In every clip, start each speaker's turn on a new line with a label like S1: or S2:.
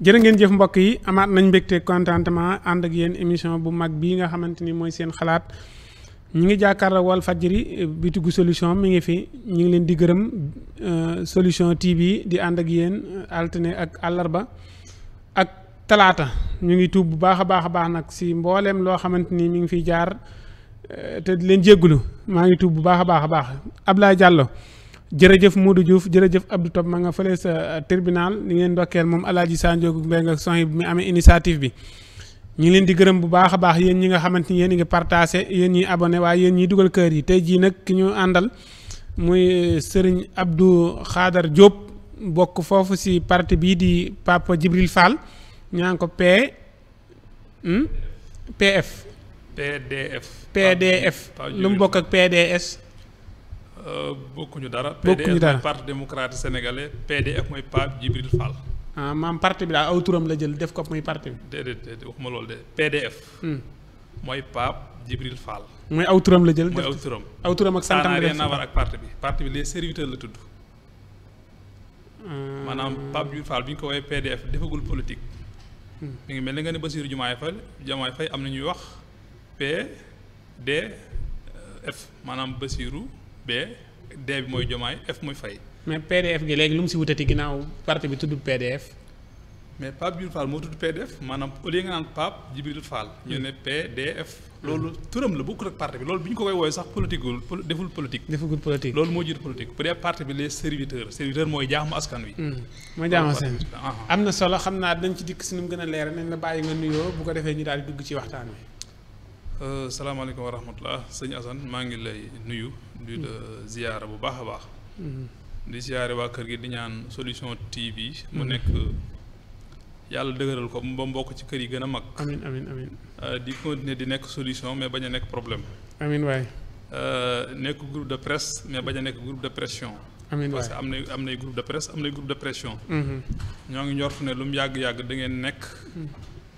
S1: jërë ngeen jëf mbokk yi amaat nañ mbégte contentement ànd ak yéen émission bu mag bii nga xamante ni mooy seen xalaat ñu ngi jàkkaarloo Walf Fadjri eh, bitigu solution mi ngi fi ñu ngi leen di gërëm eh, solution TV di ànd ak yéen altine ak àllarba ak talaata ñu ngi tuub bu baax a baax a baax nag si mbooleem loo xamante ni mi ngi fiy jaar eh, te di leen jéggulu maa ngi tuub bu baax a baax a baax Ablaye Diallo jërëjëf Modou Diouf jërëjëf Abdou Top ma nga fële sa euh, tribunal ni ngeen ndokkeel moom Alaaji Sanjoogu Mbeng ak soxna bi mi amee initiative bi ñu ngi leen di gërëm bu baax a baax yéen ñi nga xamante ni yéen ngi partagé yéen ñuy abonné waaye yéen ñiy dugal kër yi tey jii nag ki ñu àndal muy euh, Serigne Abdou xaadar Diop bokk foofu si parti bii di Papa Djibril Fall ñaa ngi ko P PF.
S2: PDF. PDF lu mu bokk ak PDS. Euh, bokkuñu dara. bokkuñu dara PDS parti démocrate sénégalais PDS mooy Pape Djibril Fall.
S1: ah maam parti bi daal aw turam la jël def ko muy parti bi.
S2: déedéet déedéet waxuma loolu de hmm. mooy Pape Djibril Fall. mooy aw turam la jël. mooy aw turam aw turam ak santam la def na ak parti bi parti bi les serviteurs la tudd. Ah. maanaam Pape Djibril Fall bi ñu ko woowee PDF defagul politique. Hmm. mi ngi mel ni nga ne Bassirou Diomaye fa Diomaye Faye am na ñuy wax PDF maanaam Bassirou. B D bi mooy Jomaay F mooy Faye.
S1: mais PDF gi léegi lu mu si wutati ginnaaw parti bi tudd PDF.
S2: mais Pape Djibril Fall moo tudd PDF maanaam au lieu nga naan Pape Djibril Fall. ñu ne PDF. loolu turam la bokkul ak parti bi loolu bi ñu ko koy woowee sax politique deful politique. deful politique loolu moo jiitu politique
S1: bu dee parti bi les serviteurs serviteur mooy jaamu askan wi. Hmm. mooy jaamu am na solo xam naa dañ ci dikk si nu mu gën a leer nañ la bàyyi nga nuyoo bu ko defee ñu daal di dugg ci waxtaan wi.
S2: Euh, salaamaaleykum wa rahmatulah sëñ Assane maa ngi lay nuyu. di la ziyaara bu baax a baax. Mm-hmm. di ziyaare waa kër gi di ñaan solution TV. mu mm-hmm. nekk yàlla dëgëral ko mu ba mbokk ci kër yi gën a mag. amiin amiin amiin. Euh, di continuer di nekk solution mais bañ a nekk problème. amiin waay. Euh, nekk groupe de presse mais bañ a nekk groupe de pression. amiin parce que am na am na groupe de presse am na groupe de pression. Mm-hmm. ñoo ngi njort ne lu mu yàgg yàgg da nekk.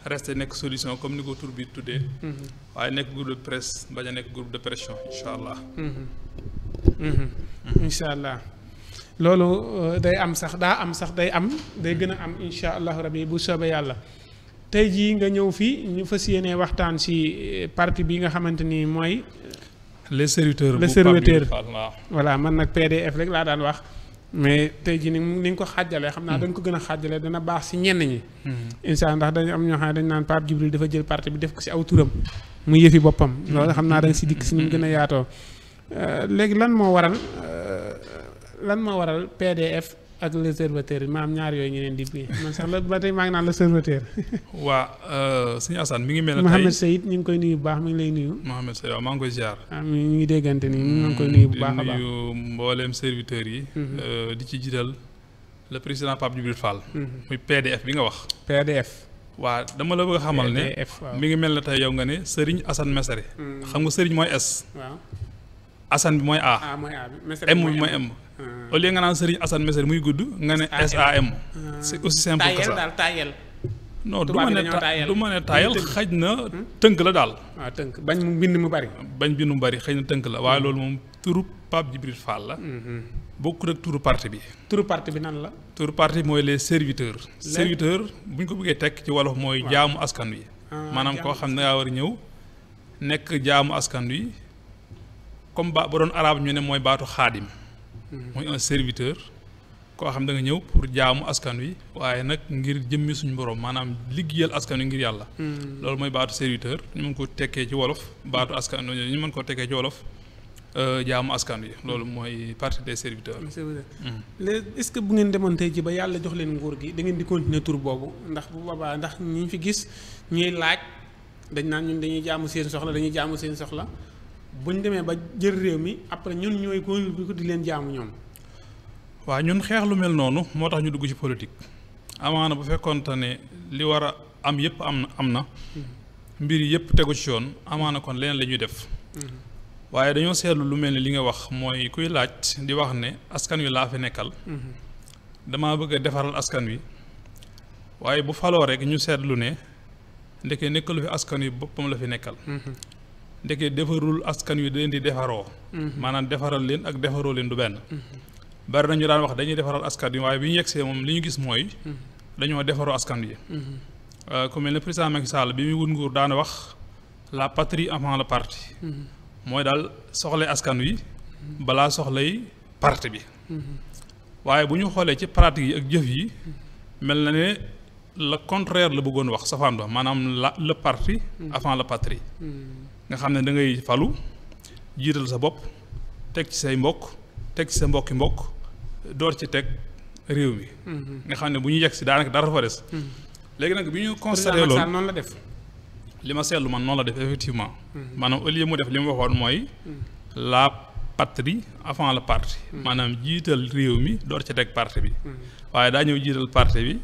S2: reste nekk solution comme ni ko tur bi tuddee. Mhm. waaye nekk groupe de presse bañ a nekk groupe de pression incha allah.
S1: Mhm. Mhm. incha allah loolu euh, day am sax daa am sax day am day gën a am incha allah rabi bu soobee yàlla. tey jii nga ñëw fii ñu fas yéene waxtaan ci euh, parti bi nga xamante ni mooy.
S2: les serviteurs les serviteurs
S1: voilà man nag PDF rek laa daan wax. mais tey jii ni ni ñu ko xaajalee xam naa hmm. dañ ko gën a xaajalee dana baax si ñenn ñi hmm. insha allah ndax dañu am ñoo xam ne dañu naan Pape Djibril dafa jël parti bi def ko si aw turam mu yëfi boppam hmm. loolu xam naa dañ si dikk si ni mu gën a yaatoo euh, léegi lan moo waral euh, lan moo waral pdf ak le serviteur maam ñaar yooyu ñu leen di plié man sax la ba tey maa ngi naan le serviteur. waa euh, sëñ Assane mi ngi mel. tey Mohamed ñu ngi koy nuyu bu baax mi ngi lay nuyu.
S2: Mohamed Seyid waaw maa ngi koy ziar.
S1: ah mi ngi déggante nii ñu ngi koy mm, nuyu bu baax a
S2: baax serviteurs yi. Mm-hmm. Euh, di ci jiital le président Pape Djibril Fall. Mm-hmm. muy PDF bi nga wax. PDF. waa dama la bëgg xamal ne. mi ngi mel ne tey yow nga ne Serigne Assane Mesere. Mm. xam nga seriñ mooy S. waaw assan bi mooy A. A mooy bi M bi mooy M. au lieu nga naan Serigne Assane Mesere muy gudd nga ne ah. SAM. Ah. c'est aussi simple que ça du ma ne du xaj na hmm? tënk la daal. waaw ah, tënk bañ mu bind mu bari. bañ bind mu bari xëy na tënk la waaye hmm. loolu moom turu Pape Djibril Fall la. Hmm. bokkul ak turu parti bi. turu parti bi nan la. turu parti mooy les serviteurs. serviteur bu ñu ko bëggee tekk ci wolof mooy. jaamu askan wi. maanaam koo xam ne da war a ñëw nekk jaamu askan wi. comme ba bu doon arabe ñu ne mooy baatu xaadim mhm. mooy un serviteur koo xam danga ñëw pour jaamu askan wi waaye nag ngir jëmmi suñu borom maanaam liggéeyal askan wi ngir yàlla mhm. loolu mooy baatu serviteur ñu mën ko tekkee ci wolof baatu askan ñu mën ko tekkee ci wolof euh, jaamu askan wi loolu mooy partie des
S1: serviteurs. Mhm. léegi est-ce que bu ngeen demoon ji ba yàlla jox leen nguur gi da ngeen di continuer tur boobu ndax bu boobaa ndax ñi ñu fi gis ñuy laaj dañ naan ñun dañuy jaamu seen soxla dañuy jaamu seen soxla buñ demee ba jël réew mi après ñun ñooy góor bi ko di leen jaamu ñoom.
S2: waaw ñun xeex lu mel noonu moo tax ñu dugg ci politique amaana bu fekkoonte ne li war a am yëpp am na am na mm-hmm. mbir yëpp tegu ci yoon amaana kon leneen la ñuy def. Mm-hmm. waaye dañoo seetlu lu mel ni li nga wax mooy kuy laaj di wax ne askan wi laa fi nekkal. Mm-hmm. dama bëgg a defaral askan wi waaye bu faloo rek ñu seetlu ne ndeke nekkalu fi askan wi boppam la fi nekkal. ndeke defarul askan wi da leen di defaroo mhm. maanaam defaral leen ak defaroo leen du benn mhm. bari nañu daan wax dañuy defaral askan wi waaye bi ñu yegsee moom li ñu gis mooy mhm. dañoo defaroo askan wi euh, ku mel ne président Macky bi muy wut nguur daana wax la patrie avant le parti mooy daal soxlay askan wi balaa soxlay parti bi waaye bu ñu xoolee ci pratique yi ak jëf yi mel na ne le contraire la bëggoon wax safaan maanaam la le parti avant la patrie nga xam ne da ngay falu jiital sa bopp teg ci say mbokk teg ci sa mbokki mbokk door ci teg réew mi. Mm-hmm. nga xam ne bu ñu yegg si daanaka dara fa des. Mm-hmm. léegi nag bi ñu constaté loolu noonu la def. li ma seetlu man noonu la def effectivement. Mm-hmm. maanaam au lieu mu def li mu waxoon mooy. la patrie avant le parti. maanaam jiital réew mi door ci teg parti bi. waaye daa ñëw jiital parti bi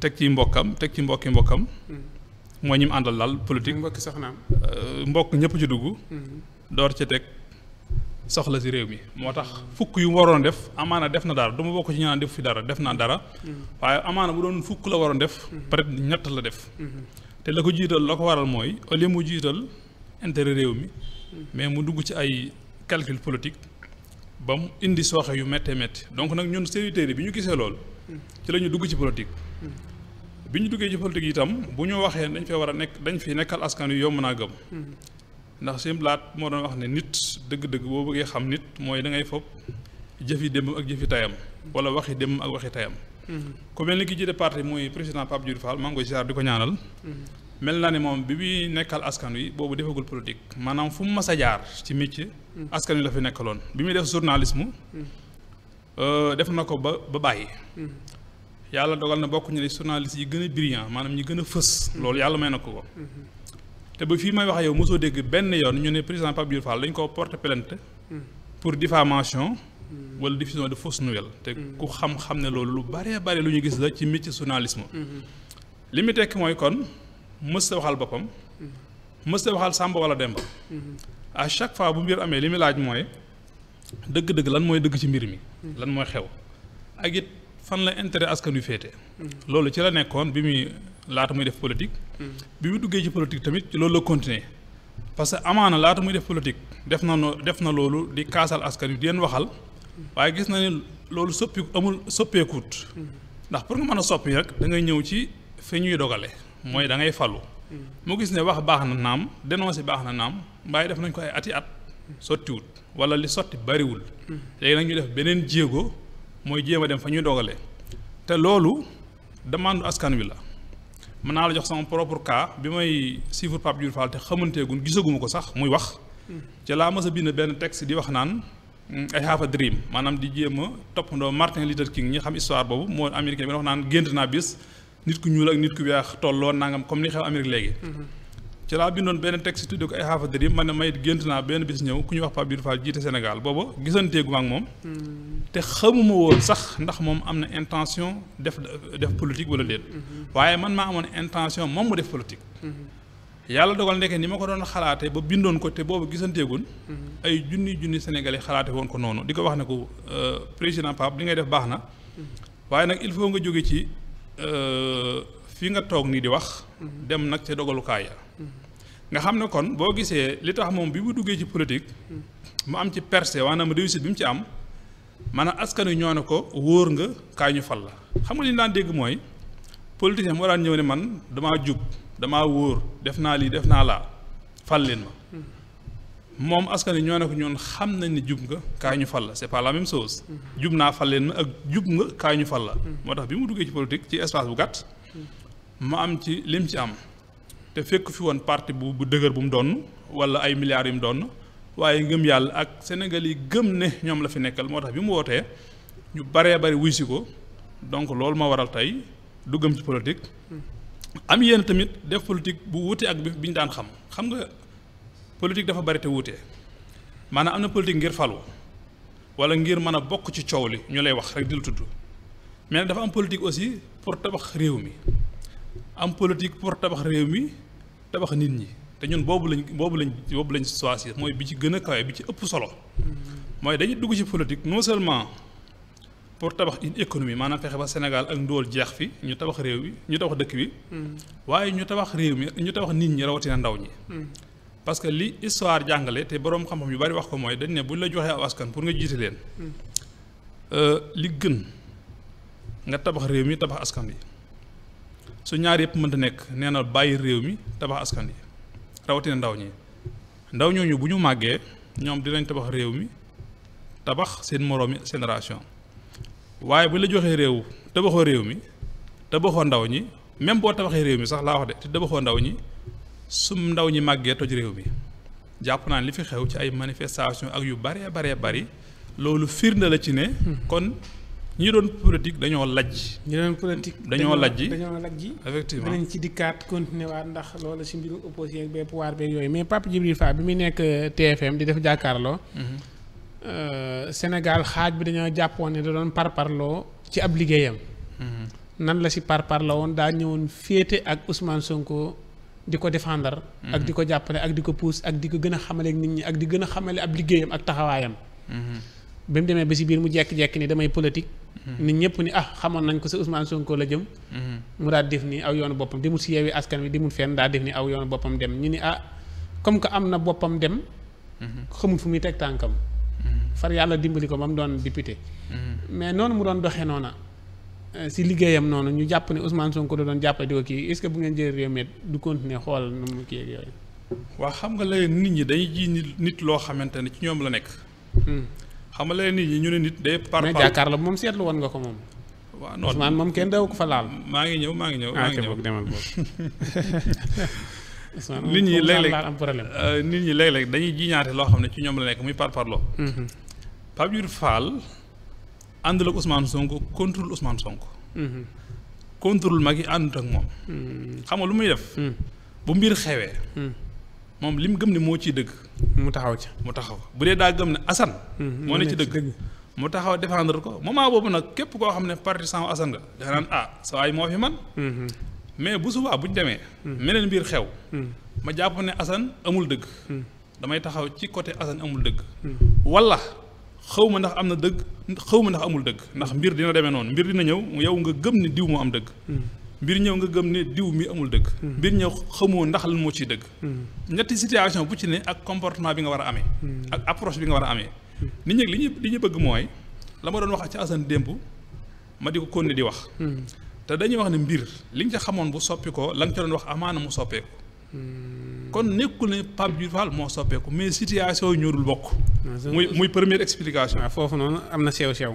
S2: teg ci mbokkam teg ci mbokki mbokkam. mooy ñi mu àndal daal politique mbokk soxnaam euh, mbokk ñëpp ci dugg. Mhm. door ci teg soxla si réew mi moo tax fukk yu waroon def amaana def na dara duma ma bokk ci ñu def fi dara def naa dara. Mhm. waaye amaana bu doon fukk la waroon def. Mhm. peut-être ñett la def. te la ko jiital la ko waral mooy au lieu mu jiital intérêt réew mi. mais mu dugg ci ay calcul politique ba mu indi sooxe yu méttee métti donc nag ñun séditaires bi ñu gisee lool. ci la ñu dugg ci politique. bi ñu duggee ci politique itam bu ñu waxee dañ fee war a nekk dañ fi nekkal askan wi yomb naa gëm. ndax seen laat moo doon wax ne nit dëgg-dëgg boo bëggee xam nit mooy da ngay fob jëfi démb ak jëfi tayam. wala waxi démb ak waxi tayam. ku mel ni ki jiite parti muy président Pape Diouf fal maa ngi koy di ko ñaanal. mel naa ne moom bi muy nekkal askan wi boobu defagul politique maanaam fu mu mas a jaar ci métier. askan wi la fi nekkaloon bi muy def journalisme. Euh, def na ko ba ba bàyyi. yàlla dogal na bokk ñu ne journaliste yi gën a brillant maanaam ñi gën a fës loolu yàlla may na ko ko te ba fii may waxee yow mosoo dégg benn yoon ñu ne président Pape Diouf Fall ko koo porte plainte pour diffamation wala diffusion de fausse nouvelle te ku xam-xam ne loolu lu bëree bëri lu ñu gis la ci métier journalisme li mu tekk mooy kon mës waxal boppam mës waxal Samba wala Demba a chaque fois bu mbir amee li mu laaj mooy dëgg-dëgg lan mooy dëgg ci mbir mi lan mooy xew fan la intérêt askan wi féete. loolu ci la nekkoon bi muy laata muy def politique. bi mu duggee ci politique tamit loolu la continuer parce que amaana laata muy def politique def na noo def na loolu di kaasal askan wi di waxal waaye gis na ne loolu soppi amul soppeekut. ndax pour nga mën a soppi rek da ngay ñëw ci fi ñuy dogale mooy da ngay falu. mu gis ne wax baax na naam dénoncé baax na naam waaye def nañ ko ay ati at sottiwut wala li sotti bariwul. léegi nag ñu def beneen jéego. mooy jéem a dem fa ñuy dogalee te loolu demande askan wi la mën naa la jox sama propre cas bi may suivre Pape Diouf Fall te xamanteegun gisaguma ko sax muy wax ci laa mas a bind benn texte di wax naan mm, I have a dream maanaam di jéem a toppandoo Martin Luther King ñi xam histoire boobu moo américain bi wax naan gént naa bis nit ku ñuul ak nit ku weex tolloo nangam comme ni xew Amérique léegi mm-hmm. ci laa bindoon benn texte tudde ko ay xaafadir yi man ne may gént naa benn bis ñëw ku ñuy wax Pape Diouf Fall jiite Sénégal booba gisantee ma ak moom hmm. te xamuma woon sax ndax moom am na intention def def politique wala déet hmm. waaye man maa amoon intention moom mu def politique hmm. yàlla dogal ndeke ni ma ko doon xalaate ba bindoon ko te boobu gisanteegun ay junni junni sénégalais xalaate woon ko noonu di ko wax ne ko euh, président Pape li ngay def baax na waaye nga jóge ci euh, fii nga toog nii di wax. Mhm. dem nag ca dogalukaay ya mhm. nga xam ne kon boo gisee li tax moom bi mu duggee ci politique. Mhm. mu am ci perse percée maanaam réussite bi mu ci am. maanaam askan wi ñoo ne ko wóor nga kaañu fal la xam nga li ñu daan dégg mooy politicien moo daan ñëw ne man damaa jub damaa wóor def naa lii def naa laa fal leen ma moom askan ñoo ne ko ñoon xam nañ ne jub nga kaañu fal la c'est pas la même chose. jub naa fal leen ma ak jub nga kaañu fal la. moo tax bi mu duggee ci politique ci espace bu gàtt. ma am ci lim ci am te fekk fi woon parti bu dëgër bu mu doon wala ay milliards yu mu doon waaye ngëm yàlla ak Sénégal yi gëm ne ñoom la fi nekkal moo tax bi mu wootee ñu baree bari wuy si ko donc loolu ma waral tey du gëm ci politique am yéen tamit def politique bu wuute ak bi ñu daan xam xam nga politique dafa bari te wuute maanaam am na politique ngir falu wala ngir mën a bokk ci coow li ñu lay wax rek di la tudd mais dafa am politique aussi pour tabax réew mi am politique pour tabax réew mi tabax nit ñi te ñun boobu lañ boobu lañ boobu lañ choisir mooy bi ci gën a kawe bi ci ëpp solo mooy dañuy dugg ci politique non seulement pour tabax une économie maanaam fexe ba Sénégal ak ndóol jeex fi ñu tabax réew mi ñu tabax dëkk bi waaye ñu tabax réew mi ñu tabax nit ñi rawatina ndaw ñi parce que li histoire jàngale te boroom xam-xam yu bari wax ko mooy dañ ne buñ la joxee aw askan pour nga jiite leen euh, li gën nga tabax réew mi tabax askan bi su ñaar yëpp mënta nekk nee na bàyyi réew mi tabax askan yi rawatina ndaw ñi ndaw ñooñu bu ñu màggee ñoom dinañ tabax réew mi tabax seen moroomi génération waaye bu la joxee réew tabaxoo réew mi tabaxoo ndaw ñi même boo tabaxee réew mi sax laa wax de te tabaxoo ndaw ñi su ndaw ñi màggee toj réew mi jàpp naa li fi xew ci ay manifestation ak yu baree baree bari loolu firnde la ci ne hmm. kon ñi doon politique dañoo lajj. ñi doon politique dañoo lajj dañoo lajj. effectivement danañ
S1: ci dikkaat continuer waat ndax loolu si mbiru opposition ak pouvoir beeg yooyu mais Pape Djibril Fall bi muy nekk euh, TFM di def jàkkaarloo. Mhm. Euh, Sénégal xaaj bi dañoo jàppoon ne da doon parparloo ci ab liggéeyam. Mhm. nan la si parparloo woon daa ñëwoon féete ak Ousmane Sonko di ko défendre. Mhm. ak di ko jàppale ak di ko pousse ak di ko gën a xamale ak nit ñi ak di gën a xamale ab liggéeyam ak taxawaayam. bi mu demee ba si biir mu jekk-jekk ni damay politique. Mm-hmm. nit ñëpp ni ah xamoon nañ ko si Ousmane Sonko la jëm. Mm-hmm. mu daal def nii aw yoonu boppam di demul si yeewi askan wi di demul fenn daa def ni aw yoonu boppam dem ñu ni ah comme que am na boppam dem. Mm-hmm. xamul fu muy teg tànkam. far yàlla dimbali ko ba mu doon député. mais noonu mu doon doxee noona si eh, liggéeyam noonu ñu jàpp ne Ousmane Sonko da doon jàppale di ko kii est-ce que bu ngeen jëlee réew mi du continuer xool nu mu kii ak yooyu. waaw xam nga léegi
S2: nit ñi dañuy ji nit loo xamante ne ci ñoom la nekk. Hmm. xam nga nit ñi ñu ne nit day. par par mais jàkkaarloo
S1: moom seetlu woon nga ko moom. waaw non moom kenn daw ko fa laal. maa ngi ñëw maa ngi ñëw maa ngi ah, ñëw demal
S3: nit ñi léeg-léeg am problème
S1: euh,
S2: nit ñi léeg-léeg dañuy jiñaate loo xam ne ci ñoom la nekk muy par parloo. Mhm. Pape Diouf Fall àndul ak Ousmane Sonko contrôle Ousmane Sonko. Mhm. mag yi àndut ak moom. Mhm. xam nga lu muy def. bu mbir xewee. moom li mu gëm ne moo ciy dëgg. mu taxaw ci mu taxaw bu dee daa gëm ne Assane. Mm-hmm. moo ne ci dëgg mu taxaw défendre ko moment boobu nag képp koo xam ne partisan Assane nga dafa naan ah sa waay moo fi man mm-hmm. mais bu subaa buñ demee. Mm-hmm. meneen mbir xew. ma jàpp ne Assane amul dëgg. damay taxaw ci côté Assane amul dëgg. wala xaw ma ndax am na dëgg xaw ma ndax amul dëgg ndax mbir dina demee noonu mbir dina ñëw yow nga gëm ne diw moo am dëgg. mbir ñëw nga gëm ne diw mi amul dëgg mm-hmm. mbir ñëw xamoo ndax lan moo ciy dëgg
S3: mm-hmm.
S2: ñetti situation bu ci ne ak comportement bi nga war a amee mm-hmm. ak approche bi nga war a amee nit ñi li ñu li ñu bëgg mooy la ma doon wax ci Assane démb ma di ko konne di wax te dañuy wax ne mbir li ñu ca xamoon bu soppi ko la nga ca doon wax amaana mu soppeeku kon nekku ne Pape Diouf Fall
S1: moo soppeeku mais situation yi ñoo dul bokk muy muy première explication foofu noonu am na sew sew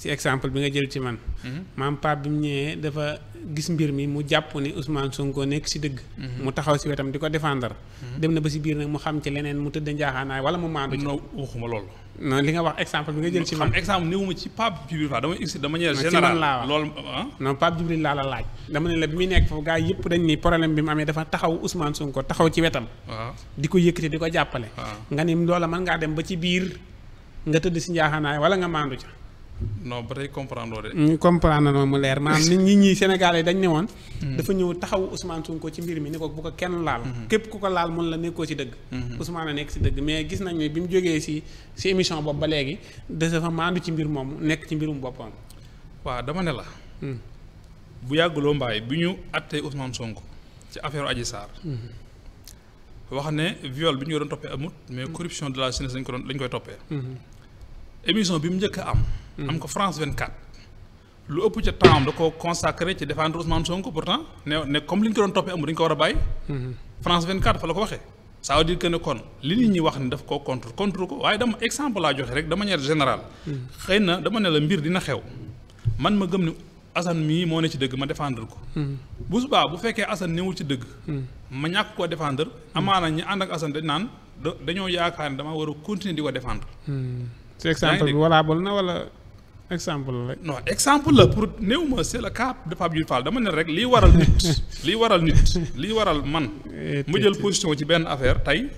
S1: si exemple bi nga jël ci man. Mhm. maam Pape bi mu ñëwee dafa gis mbir mi mu jàpp ni usmaan Sonko nekk si dëgg. Mhm. mu taxaw si wetam di ko défendre. Mhm. dem na ba si biir nag mu xam ci leneen mu tëdd njaaxaanaay wala mu maandu ci. non waxuma loolu. non li nga wax exemple bi nga jël ci man exemple ni wuma ci Pape Djibril Fall dama expliqué de manière générale loolu ah? non Pape Djibril laa la ne la bi muy nekk foofu gars yëpp dañ ni problème bi mu amee dafa taxaw Ousmane Sonko taxaw ci wetam di ko yëkk yëkkati di ko jàppale nga ni loola mën ngaa dem ba ci biir nga tëdd si njaaxaanaay wala nga maandu ca non ba tey comprendre de. Mm, mu leer maanaam nit ñi ñii Sénégalais dañ ne woon. Mm. dafa ñëw taxaw Ousmane Sonko ci mbir mi ni ko bu ko kenn laal. Mm-hmm. képp ku ko laal mun la nekkoo ci dëgg. Mm-hmm. Ousmane nekk ci dëgg mais gis nañ ne bi mu jógee si si émission bopp ba léegi dafa maandu ci mbir moom nekk ci mbirum boppam. waaw dama ne la. Mm. bu yàgguloo
S2: mbaay bi ñu àttee Ousmane Sonko ci affaire Adji Sarr. Mm-hmm. wax ne viol bi ñu ko doon toppee amut mais corruption de la jeunesse lañ ko lañ koy toppee. émission bi mu njëkk a am. am mhm. ko France 24. lu ëpp ca temps da ko consacré ci défendre Ousmane Sonko pourtant ne ne comme li ñu ko doon toppee amul dañu ko war a bàyyi. Mhm. France 24 fa la ko waxee. ça veut dire que ne kon li nit ñi wax ni daf koo contre contre ko waaye dama exemple laa joxe rek de manière générale. Mhm. xëy na dama ne la mbir dina xew. man ma gëm ni Assane mii moo ne ci dëgg ma défendre ko. bu subaa bu fekkee Assane newul ci dëgg. ma ñàkk koo défendre. amaana ñi ànd ak Assane dañ naan dañoo yaakaar ne dama war a di ko défendre.
S1: ci exemple la rek. non
S2: exemple la pour néew ma c'est le cas de Pape dama ne rek liy waral nit liy waral nit liy waral man. ma jël position ci benn affaire tey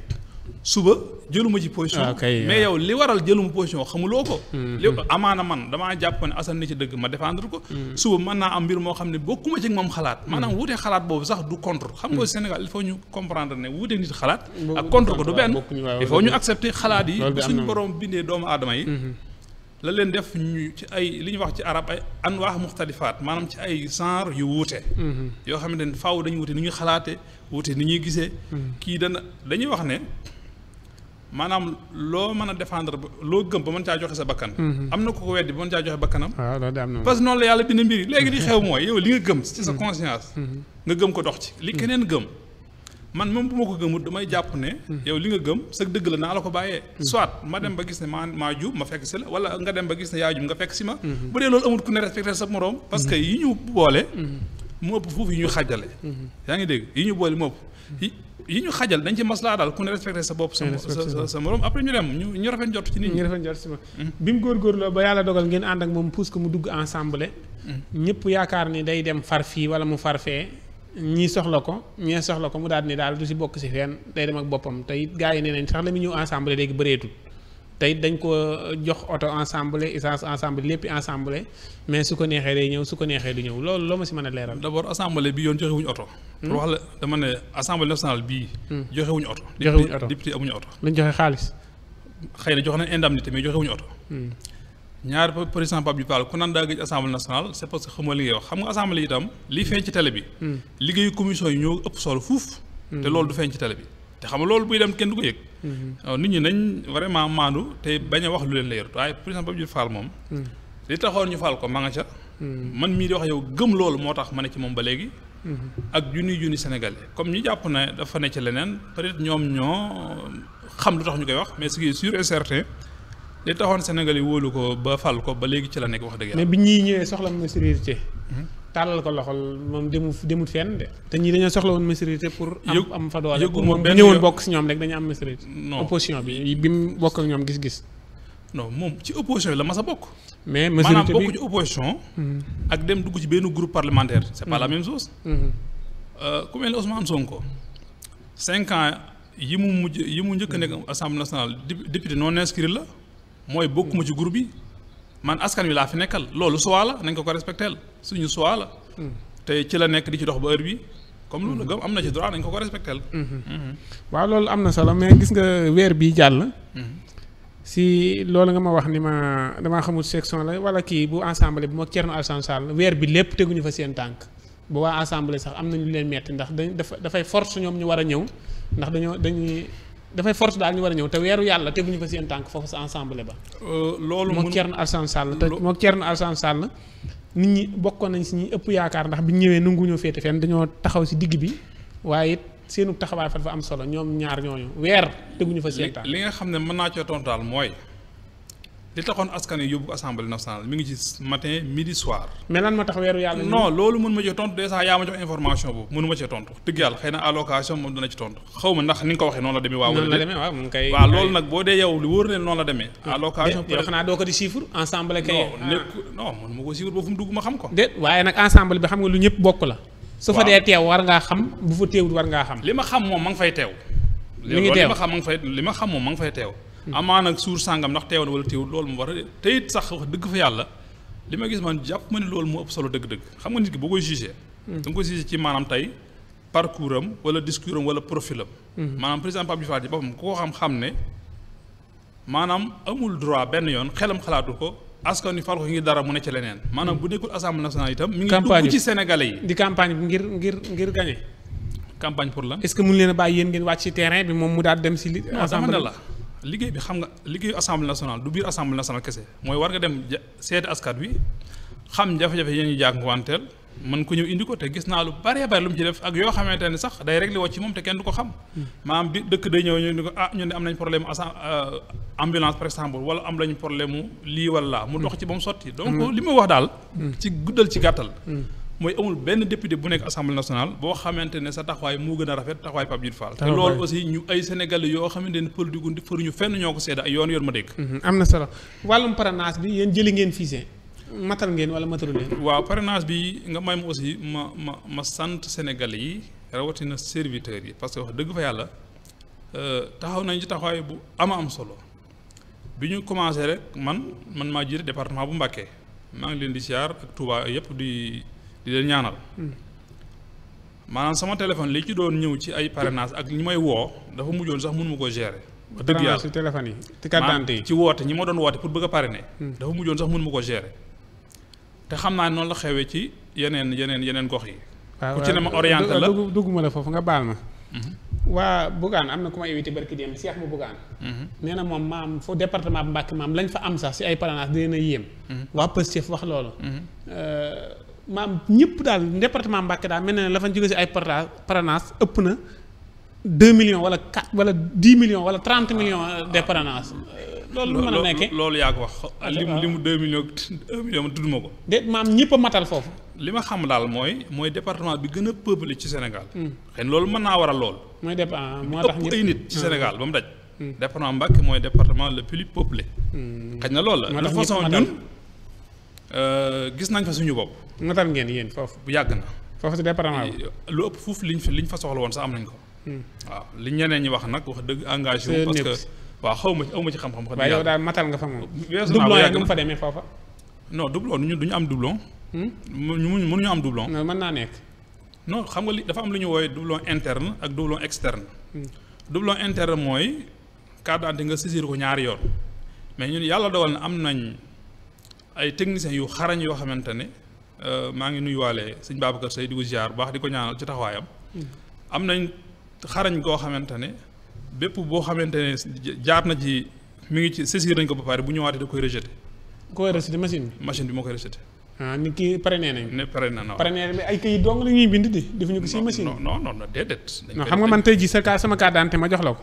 S2: suba jëluma ci position. Ah, mais ah. yow li waral jëluma position xamuloo ko. Hmm, li hmm. amaana man damaa jàpp ne Assane ni ci dëgg ma défendre ko. Hmm. suba mën naa am mbir moo xam ne bokkuma ci moom xalaat. maanaam wuute xalaat boobu sax du contre. xam nga Sénégal il faut ñu comprendre ne wuute nit xalaat. ak contre ko du benn il faut ñu accepter xalaat yi. suñu borom bindee doomu aadama yi. la leen def ñu ci ay li ñuy wax ci arab ay anwaax muxtalifaat maanaam ci ay genre yu wuute mm-hmm. yoo xamante ne faaw dañu wute ni ñu xalaate wute ni ñuy gisee mm-hmm. kii dana dañuy wax ne maanaam loo mën a defender ba loo gëm ba mën caa joxe sa bakkan mm-hmm. am na ko ko weddi ba mën caa joxe bakkanam
S1: ah, parce que noonu la
S2: yàlla bind mbir yi léegi di xew mooy yow li nga gëm ci sa conscience nga gëm ko dox ci li keneen gëm man moom bu ma ko gëmut damay jàpp ne. Hmm. yow li nga gëm sa dëgg la naa la ko bàyyee. Hmm. soit ma dem ba gis ne maa maa juum ma fekk si la wala nga dem ba gis ne yaa juum nga fekk si ma. Hmm. bu dee loolu amul ku ne respecté sa moroom. parce que yi ñu boole. mu ëpp foofu yi ñu xajale. yaa ngi dégg yi ñu boole mu ëpp. yi ñu xajal dañ ci maslaa daal ku
S1: ne respecté sa bopp. sa sa morom après ñu dem ñu ñu rafet jot ci nit ñi. ñu rafet jot ci ma. bi mu góorgóorloo ba yàlla dogal ngeen ànd ak moom pousse ko mu dugg ensemble. ñëpp yaakaar ni day dem far fii wala mu far fee ñii soxla ko ñee soxla ko mu daal ni daal du si bokk si fen day dem ak boppam te it yi nee nañ sax la ñëw ensemble léegi bëreetul te it dañ ko jox oto ensemble essence ensemble lépp ensemble mais su ko neexee day ñëw su ko neexee du ñëw loolu loo ma si mën a leeral. d' abord assemblée bi yoon joxe wuñu oto. Hmm? pour wax la dama ne assemblée nationale bii. Hmm. joxe oto. joxe wuñu oto député amuñu oto. lañ joxe xaalis.
S2: xëy na jox nañ indemnité mais joxe wuñu oto. Hmm. ñaar président Pape Diouf Fall ku naan daa gëj assemblée nationale c'est parce que xamoo li ngay wax xam nga assemblée itam li feeñ ci bi. Hmm. liggéeyu commission yi ñoo ëpp solo fuuf. Hmm. te loolu du feeñ ci bi. te xam loolu buy dem kenn du ko yëg. Hmm. nit ñi nañ vraiment maandu te bañ a wax lu leen la yor waaye président Pape Diouf Fall moom. li taxoon ñu faal ko ma nga ca. man mii di wax yow gëm loolu moo tax ma ne ci moom ba léegi. ak junniy junni sénégalais comme ñu jàpp ne daf ne ci leneen peut-être ñoom ñoo xam lu tax ñu koy wax mais ce qui est li taxoon Sénégal yi wóolu ko ba fal ko ba léegi ci la nekk wax dëgg yàlla. mais bi
S1: ñuy ñëwee soxla mu maturité. Mhm. tàllal ko loxol moom demut demut fenn de. te ñii dañoo soxla woon maturité pour. am am fa doole pour moom bokk si ñoom rek dañu am maturité. non opposition bi bi mu bokk ak ñoom gis-gis. non moom ci opposition bi la ma sa
S2: bokk. mais majorité bi maanaam bokk ci opposition. Mhm. ak dem dugg ci benn groupe parlementaire. c'est pas la mhm. même chose. Euh, ku mel ne Ousmane Sonko. cinq ans yi mu mujj yi mu njëkk a nekk assemblée nationale député non la. mooy bokkuma ci groupe bi man askan wi laa fi nekkal loolu choix la nañ ko ko respecteel suñu choix la. te ci la nekk di ci dox ba heure bi comme loolu gëm am na ci droit nañ ko ko respecteel.
S1: waaw loolu am na solo mais gis nga weer bii jàll. si loolu nga ma wax ni ma damaa xamul section la wala kii bu ensemble bi moog Thierno Alassane Sall weer bi lépp teguñu fa seen tànk. bu waa ensemble sax am na leen metti ndax dañ dafa dafay ñoom ñu war a ñëw ndax dañoo dañuy. dafay force daal ñu war a ñëw te weeru yàlla teguñu fa seen tànk foofu sa ensemble ba. Euh, loolu moom Thierno Alassane Sall te moom Thierno Alassane Sall. nit ñi bokkoon nañ si ñi ëpp yaakaar ndax bi ñu ñëwee nanguñoo féete fenn dañoo taxaw si digg bi waaye it seenu taxawaay fa dafa am solo ñoom ñaar ñooñu weer teguñu fa seen tànk.
S2: li nga xam ne mën naa cee tontaal mooy. li taxoon askan wi yóbbu assemblée nationale mi ngi ci matin midi soir.
S1: mais ma tax weeru yàlla. non loolu mën ma ci tontu
S2: dèjà yaa ma jox information boobu mënu ma ci tontu. dëgg yàlla xëy na allocation moom dana ci tontu xaw ma ndax ni nga ko waxee noonu la demee. waaw noonu la demee waaw mu ngi koy. waaw loolu allocation peut être
S1: ma xam ko. de waaye nag ensemble bi xam nga lu ñëpp bokk la. su fa dee teew war ngaa xam bu fa teewul war ngaa xam. li ma xam moom ma nga fay teew. li ma xam
S2: ma nga li ma xam moom ma nga fay teew amaan ak suur sàngam ndax teewoon wala teewul loolu mu war a te it sax wax dëgg fa yàlla li ma gis man jàpp ma ne loolu moo ëpp solo dëgg-dëgg xam nga nit ki boo koy jugé hmm. da nga koy jugé ci maanaam tey parcours am wala discours am wala profil am hmm. maanaam président Pape ji boppam ku ko xam-xam ne maanaam amul droit benn yoon xelam xalaatu ko askan wi fal ko ngi dara mu ne ci leneen maanaam bu nekkul assemblée nationale itam mi ngi dugg ci sénégalais yi di campagne bi ngir ngir ngir gagné campagne pour lan est moom mu daal dem si li assemblée la liggéey bi xam nga liggéeyu assemblée nationale du biir assemblée nationale kese mooy war nga dem seeti askat wi xam jafe-jafe yi ñuy jànkuwanteel mën ko ñëw indi ko te gis naa lu bare bare lu mu ci def ak yoo xamante ne sax day réglé woo ci moom te kenn du ko xam. Hmm. maanaam bi dëkk day ñëw ñu ni ko ah ñu ne am nañ problème euh, ambulance par exemple wala am lañu problème mu lii wala mu dox ci ba mu sotti. Hmm. donc li mu wax daal. Hmm. ci guddal ci gàttal. mooy amul benn député bu nekk assemblée nationale boo xamante ne sa taxawaay moo gën a rafet taxawaay Pape Djibril Fall ah, te loolu aussi ñu ay sénégalais yoo xamante ne politique gu faruñu fenn ñoo ko seeda ay yoon yoon ma dégg mm-hmm. am na solo
S1: wàllum parrainage bi yéen jëli ngeen fiisee matal ngeen wala matalu leen waaw parrainage bi nga may ma aussi ma ma
S2: ma sant sénégalais yi rawatina serviteurs yi parce que wax dëgg fa yàlla euh, taxaw nañ ci taxawaay bu am am solo bi ñu commencé rek man man maa jiite département bu Mbacké maa ngi leen di siyaar Touba yëpp di di leen ñaanal hmm. maanaam sama téléphone li ci doon ñëw ci ay parrainage ak ñi may woo dafa mujjoon sax mënu ma ko gérer ba dëgg yàlla ci téléphone yi ci carte d'identité yi woote ñi ma doon woote pour bëgg a parrainer hmm. dafa mujjoon sax mënu ma ko gérer te xam naa noonu la xewee ci yeneen yeneen yeneen gox yi
S1: ku ci ne ma orienté la dugguma la foofu nga baal na mhm. waa Bougane am na ku ma invité barki dem Cheikh mu Bougane mhm. nee na moom maam fo département Mbàkke maam lañ fa am sax si ay parrainage dina yéem mhm. waa Pastef wax maam ñëpp daal département Mbacké daal mel na ne la fa jóge si ay parrainage ëpp na 2 millions wala 4 wala 10 millions wala 30 millions euh, de parrainage. Euh,
S2: loolu mën a nekkee loolu yaa ko wax. li mu li mu 2 millions 1 million tudd ma ko. ñëpp a matal foofu. li ma xam daal mooy mooy département bi gën a peuplé ci Sénégal. Hmm. xëy loolu mën naa war a lool.
S1: mooy département ah, moo tax ëpp ay nit ci hmm.
S2: Sénégal ba mu daj. Hmm. département Mbacké mooy département le plus peuplé. xëy na loolu la de façon ñun. Euh, gis nañ fa suñu bopp. natal ngeen yéen foofu. bu yàgg na. foofu si département bi lu ëpp fuuf liñ fa liñ fa soxla woon sax am nañ ko. Hmm. waaw li ñeneen ñi wax nag wax dëgg engagé wu. parce waaw xaw ma ci aw ma ci xam-xam. wax dëgg yow daal matal nga fa moom. doublon yaa ngi fa demee foofa. non doublon du ñu du ñu am doublon. mënuñu hmm? mënuñu am doublon. non mën naa nekk. non xam nga li dafa am lu ñu wooyee doublon interne ak doublon externe. Hmm. doublon interne mooy carte d'identité nga saisir ko ñaari yoon mais ñun yàlla dogal na am ay techniciens yu xarañ yoo xamante ne euh, maa ngi nuyuwaale sëñ Babacar Seye di ko ziar baax di ko ñaanal ci taxawaayam. Mm. am nañ xarañ goo xamante ne bépp boo xamante ne jaar na ci mi ngi ci saisir nañ ko ba pare bu ñëwaatee koy rejeté.
S1: koy rejeté machine bi. machine bi moo koy kii ah nit ki parrainé nañu. ne parrainé na waaw parrainé mais ay këyit dong la ñuy bind di. defuñu ko si machine non non non déedéet. non xam nga man tey jii sa cas sama carte d'identité ma jox la ko.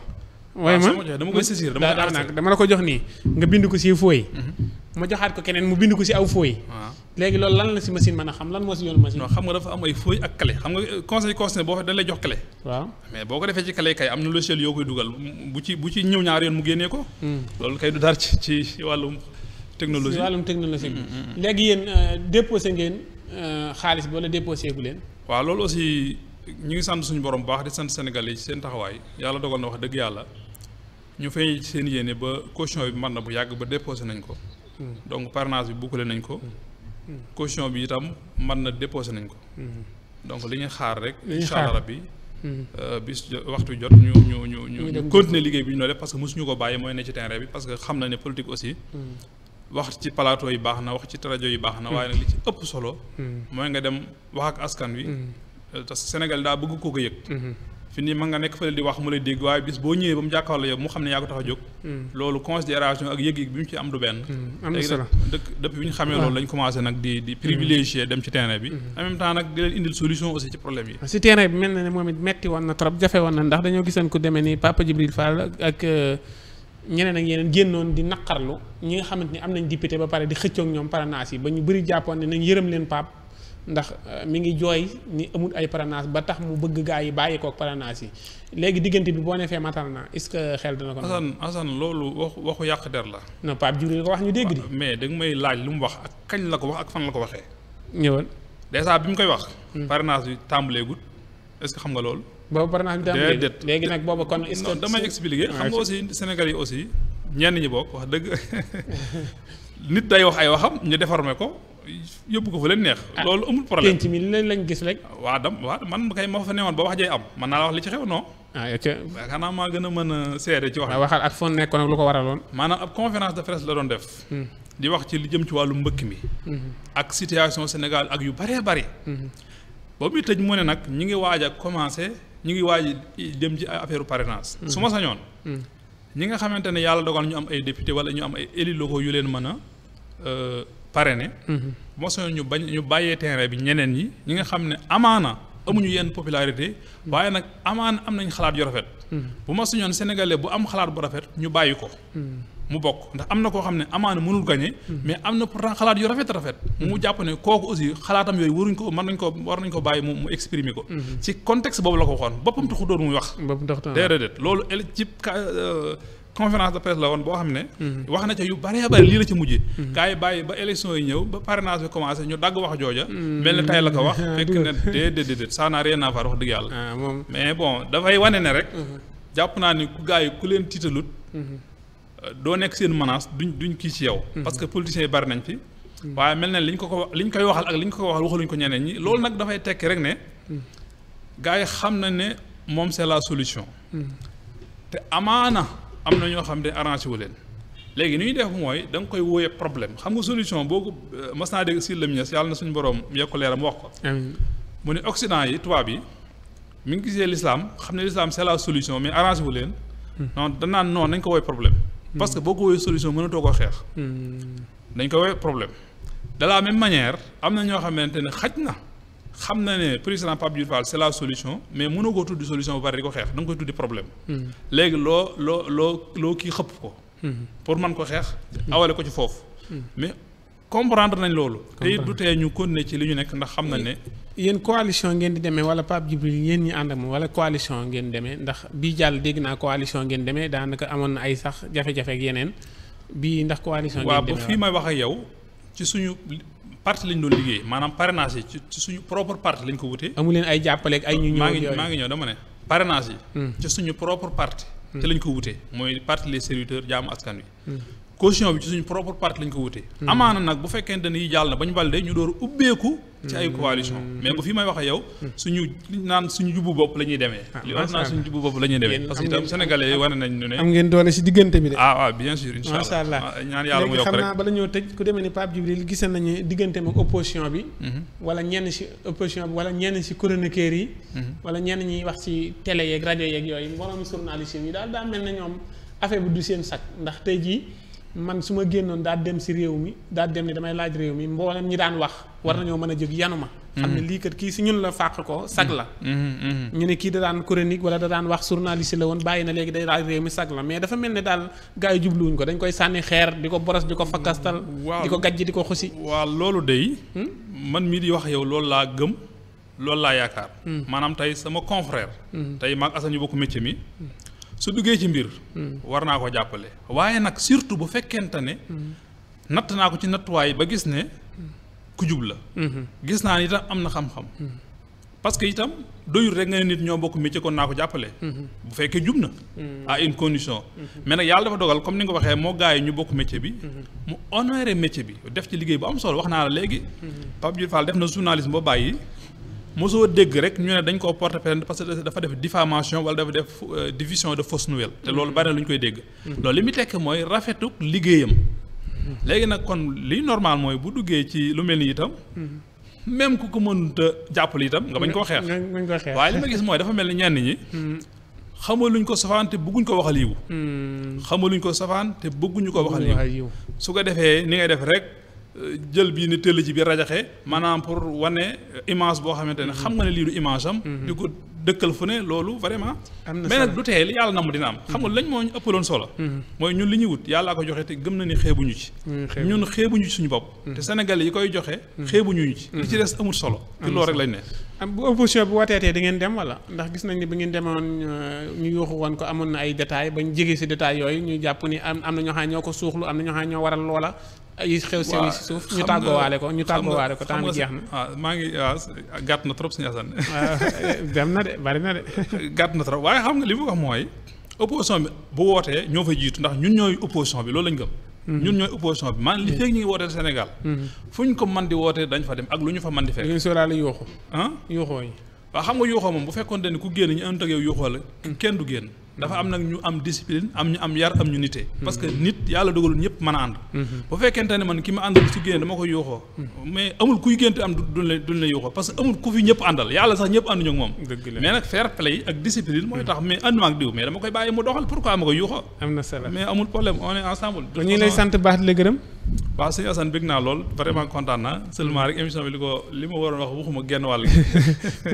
S1: Ah, waaye ma dama koy saisir dama la ko jox nii nga bind ko si fooy ma joxaat ko keneen mu bind ko si aw fooy. léegi loolu lan la si machine mën a xam lan moo si yoonu machine. non xam nga dafa am ay fooy ak
S2: clé xam nga euh, conseil conseil boo dañ lay jox clé. waaw mais boo ko defee ci clé kay am na logiciel yoo koy dugal bu ci bu ci ñëw ñaar yoon mu génnee ko. Hmm. loolu kay du dara ci ci wàllum technologie ci wàllum technologie bi. Hmm, hmm,
S1: léegi yéen euh, déposé ngeen euh, xaalis bi wala déposé gu leen. waaw
S2: loolu aussi ñu ngi sant suñu borom baax di sant Sénégal seen taxawaay yàlla dogal na wax dëgg yàlla ñu fay seen yéene ba caution bi mën na bu yàgg ba déposé nañ ko donc parrainage bi bouclé nañ ko. caution bi itam man na déposé nañ ko. donc li ñu xaar rek. li ñu xaar rabbi euh, bis waxtu jot ñu ñu ñu ñu. ñu continuer liggéey bi ñu doon def parce que mosuñu ko bàyyi mooy ne ci terrain bi parce que xam na ne politique aussi. Hmm. wax ci plateau yi baax na wax ci rajo yi baax na. waaye nag li ci ëpp solo. Hmm. mooy nga dem wax ak askan wi. Hmm. Euh, te Sénégal daa bëgg koo ko yëg. fi nii mën nga nekk fële di wax mu lay dégg waaye bis boo ñëwee ba mu jàkkaarloo yow mu xam ne yaa ko tax a jóg hmm. loolu considération ak yëg-yëg bi mu ci am du benn hmm. dëkk hmm.
S1: na ne moom it metti woon na trop jafe woon na ndax dañoo gisoon ku demee ni Papa Djibril Fall ak euh, ñeneen ak yeneen génnoon di naqarlu ñi nga xamante ni am nañ député ba pare di xëccoog ñoom parrainage yi ba ñu bëri jàppoon ne nañ yërëm leen pap ndax euh, mi ngi jooy ni amul ay parrainage ba tax mu bëgg gaa yi bàyyi koog parrainage yi léegi diggante bi boo ne fee matal na est que xel dana ko. Assane
S2: Assane loolu waxu waxu yàq der la.
S1: non Pape Djibril ko wax ñu dégg.
S2: mais da nga may laaj lu mu wax ak kañ la ko wax ak fan la ko waxee. ñëwal déjà bi mu koy wax. Hmm. parrainage bi tàmbaleegut est-ce que xam nga loolu.
S1: boobu parrainage bi tàmbaleegut léegi nag boobu kon. est-ce que damay expliquer xam nga aussi
S2: Sénégal yi aussi ñeen ñi bokk wax dëgg nit day wax ay waxam ñu déformé ko. yóbbu ko fa leen neex. Ah. loolu amul problème penc mi lañ lañ gis rek. waa dam waa man kay ma fa newoon ba wax jay am man naa la wax li ci xew non.
S1: ah yàlla
S2: xanaa gën a mën a seere ci wax. Ah, waxal
S1: ak fon nekkoon lu ko waraloon.
S2: maanaam ab conférence de presse la doon def. Hmm. di wax ci li jëm ci wàllu mbëkk mi. Hmm. ak situation Sénégal ak yu bëree bëri. Hmm. ba muy tëj mu ne nag ñu ngi waaj a commencé ñu ngi waaj dem ci affaire parrainage. su ma sañoon. ñi nga xamante ne yàlla dogal ñu am ay député wala ñu am a. Euh, parrainé. bu ma mhm. soñoon ñu bañ ñu bàyyee terrain bi ñeneen ñi ñi nga xam ne amaana amuñu yenn popularité. Mhm. waaye nag amaana am nañ xalaat yu rafet. Mhm. bu ma soñoon sénégalais bu am xalaat bu rafet ñu bàyyi ko. mu bokk ndax am na koo xam ne amaana mënul gagné. mais am na pourtant xalaat yu rafet rafet. mu jàpp ne kooku aussi xalaatam yooyu waruñ ko mën nañ ko war nañ ko bàyyi mu mu exprimer ko. ci contexte boobu la ko waxoon boppam taxu doon muy wax. boppam taxu doon muy wax déedéet loolu ci euh, conférence de presse la woon boo xam ne. Mhm. wax na ca yu bëree bëri lii la ca mujjee. kaay mhm. bàyyi ba élection yi ñëw ba pare bi commencé ñu dagg wax jooja. Mhm. mel ne tey la ko wax. fekk ne déedéet déedéet ah, mais bon dafay wane ne rek. jàpp naa ni ku gars yi ku leen tiitalut. Euh, doo nekk seen menace duñ duñ kii ci yow. parce que politiciens yi bari nañ fi. waaye mel na liñ ko ko li liñ koy waxal ak li ñu ko ko waxal waxaluñ ko ñeneen ñi loolu nag dafay tekki rek ne. gaa yi xam na ne moom c'est la solution. te amaana. am na ñoo xam ne arrangé wu leen léegi ni ñuy def mooy da nga koy wooyee problème xam nga solution boo ko euh, mas naa dégg si lam ñes yàlla na suñu borom yokk leeram wax ko mu ne Occident yi tubaab yi mu ngi gisee l'islam xam ne l'islam c'est la solution mais arrangé wu leen hmm. non danaan non nañ ko wooyee problème hmm. parce que boo ko wooyee solution mënatoo ko xeex hmm. dañ ko wooyee problème de la même manière am na ñoo xamante ne xaj na xam na ne président Pape Diouf Fall c' est la solution mais mënoo koo tuddi solution bu bari di ko xeex da nga koy tuddi problème. Hmm. léegi loo loo loo loo kii xëpp ko. Hmm. pour man ko xeex. awale ko ci foofu. Hmm. mais comprendre nañ loolu. comprendre te du tee ñu continuer ci li ñu nekk ndax xam na ne.
S1: yéen coalition ngeen di demee wala Pape Djibril yéen ñi ànd ak moom wala coalition ngeen demee ndax bii jàll dégg naa coalition ngeen demee daanaka amoon na ay sax jafe-jafe ak yeneen bii ndax coalition. may wax yow
S2: ci suñu parti lañ doon liggéey maanaam parrainage yi ci suñu propre parti lañ ko wutee. amu leen ay jàppaleeg ay ñu ñëw maa ngi maa ngi ñëw dama ne. yi. Hmm. ci suñu propre parti. te hmm. lañ ko wutee mooy parti les serviteurs jaamu askan wi. Hmm. caution bi ci suñu propre parti lañ ko wutee hmm. amaana nag bu fekkente ni jàll na ba ñu validé ñu door ubbeeku ci ay hmm. coalition mais fi may waxee yow hmm. suñu naan suñu jubbu bopp la demee ah, li wax naan suñu jubbu bopp la demee parce itam sénégalais yi wane nañ ne am ngeen doole
S1: si diggante bi de
S2: ah waaw bien sûr incha allah ah, ñaan yàlla mu yokk rek xam
S1: naa tëj ku demee ni Pape Djibril gis nañu diggante mm-hmm. ak opposition bi wala ñenn si opposition mm-hmm. bi man su ma génnoon daal dem si réew mi daal dem ne damay laaj réew mi mboolem ñi daan wax war mm. nañoo mën a jóg yanu ma. xam ne mm. lii kër kii si ñun la fàq ko sag la.
S3: Mm.
S1: ñu ne kii da daan chronique wala da daan wax journaliste la woon bàyyi na léegi day laaj réew mi sag la mais dafa mel ne daal gars yi jubluwuñ ko dañ koy sànni xeer di ko boros di ko fakkastal. di ko gàjj di ko xusi. waa loolu de. Hmm? man mii di wax yow loolu laa gëm. loolu laa yaakaar.
S2: Hmm. maanaam tey sama confrère. Hmm. tey maag Assane ñu bokk métier mi. su duggee ci mbir. Hmm. war naa ko jàppale waaye nag surtout bu fekkente ne. Hmm. natt naa ko ci nattuwaay ba gis ne hmm. ku jub la. gis naa ni itam am na xam-xam. parce que itam doyul rek nga ne nit ñoo bokk métier kon naa ko jàppale. bu fekkee jub na. à une condition. mais nag yàlla dafa dogal comme ni nga waxee moo gars yi ñu bokk métier bi. mu honoré métier bi def ci liggéey bu am sol wax naa la léegi. Pape Diouf Fall def na journalisme ba bàyyi. mosoo dégg rek ñu ne dañ koo porté plainte parce que dafa def diffamation wala dafa def euh, diffusion de fausse nouvelle te loolu bari na ñu koy dégg mm-hmm. loolu li mu tekk mooy rafetuk liggéeyam mm-hmm. léegi nag kon li normal mooy bu duggee ci lu mel ni itam mm-hmm. même ku ko mënut jàppal jàppale itam nga bañ koo
S1: xeex waaye li ma gis
S2: mooy dafa mel ni ñenn ñi luñ ko safaan te bëgguñ ko waxal yiw luñ ko safaan te bëgguñu ko waxal yiw su ko defee ni ngay def rek jël bii ni tëll ji bi rajaxe maanaam pour wane image boo xamante ne xam nga ne lii du image am mhm. di ko dëkkal fu ne loolu vraiment mais lu du teel yàlla na mu dina am xam nga mhm. lañ moo ñu ëppaloon solo mhm. mooy ñun li ñuy wut yàllaa ko joxe te gëm na ni xeebuñu ci ñun xeebuñu ci suñu bopp te Sénégal yi koy joxe xeebuñu ci li ci des amul solo ci loolu rek lañ
S1: ne bu opposition bi wateetee da ngeen dem wala ndax gis nañ ni bi ngeen demoon euh, ñu yuuxu woon ko amoon na ay détails bañ jege si détails yooyu ñu jàpp ni am am na ko suuxlu am na ñoo ñoo waral loola ay xew sew yi suuf ñu tàggoo waale ko ñu tàggoo waale ko temps bi jeex na
S2: waaw maa ngi waaw gàtt na trop suñu asan ah, dem na de bari na de gàtt na trop waaye xam nga li mu wax mooy opposition bi bu wootee ñoo fay jiitu ndax ñun ñooy opposition bi lañ gëm mhm. ñun ñooy opposition bi man mhm. ñu wootee Sénégal mhm. fu ñu ko man di wootee dañ fa dem ak lu ñu fa man di fekk dañuy sóoraale yuuxu ah yuuxoo yi xam nga yuuxoo moom bu fekkoon dañ ku génn ñu ànd ak yow yuuxoo la kenn du génn dafa am nag ñu am discipline am ñu am yar am ñu nite parce que nit yàlla dogalul ñëpp mën a ànd bu fekkente ne man ki ma àndal ci génn dama koy yuuxoo mais amul kuy génte am duñ la duñ la yuuxoo parce que amul ku fi ñëpp àndal yàlla sax ñëpp ànduñu ak moom mais nag fair play ak discipline mooy tax mais ànduma ak diw mais dama koy bàyyi mu doxal pourquoi ma
S1: am na solo mais amul problème on ensemble ñu lay sant baax di la
S2: waaw sëñ Assane bëgg naa lool vraiment kontaan naa seulement rek émission bi li ko li ma waroon wax waxuma genn wàll gi.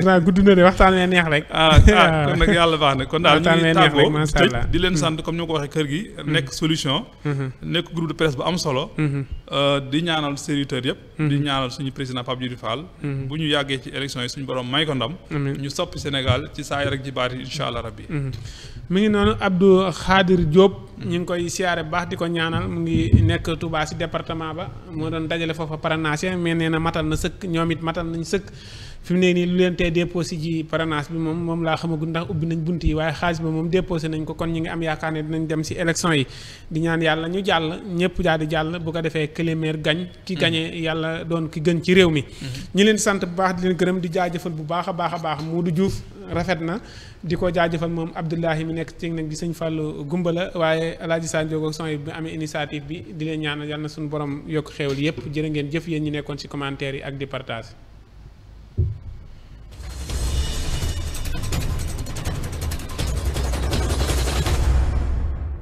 S2: waaw
S1: gudd na de waxtaan wi neex rek. ah, ah kon nag yàlla baax na kon daal ñu ngi tàggoo tëj di leen hmm.
S2: sant comme ni ma ko waxee kër gi. Hmm. nekk solution. Hmm. nekk groupe de
S1: presse bu am koy siyaare baax di ko ñaanal mu ngi nekk Touba département ba moo doon dajale foofa parrainage mais nee na matal na sëkk ñoom it matal nañ sëkk fi mu ne nii lu leen tee déposé ji parrainage bi moom moom laa xamagul ndax ubbi nañ bunt yi waaye xaalis ba moom déposé nañ ko kon ñu ngi am yaakaar ne dinañ dem si élection yi di ñaan yàlla ñu jàll ñëpp daal di jàll bu ko defee clémaire gañ ki mm-hmm. gañee yàlla doon ki gën ci réew mi mm-hmm. ñi leen sant bu baax di gërëm di jaajëfal bu baax a baax a baax Modou rafet na di ko jaajëfal moom Abdoulahi mu nekk ci nag di sëñ Fallou Gumba la waaye Alaaji Sa Ndiogou son bi amee initiative bi di leen ñaan yàlla na suñu borom yokk xéewal yëpp jërë ngeen jëf yéen ñu nekkoon ci commentaire yi ak di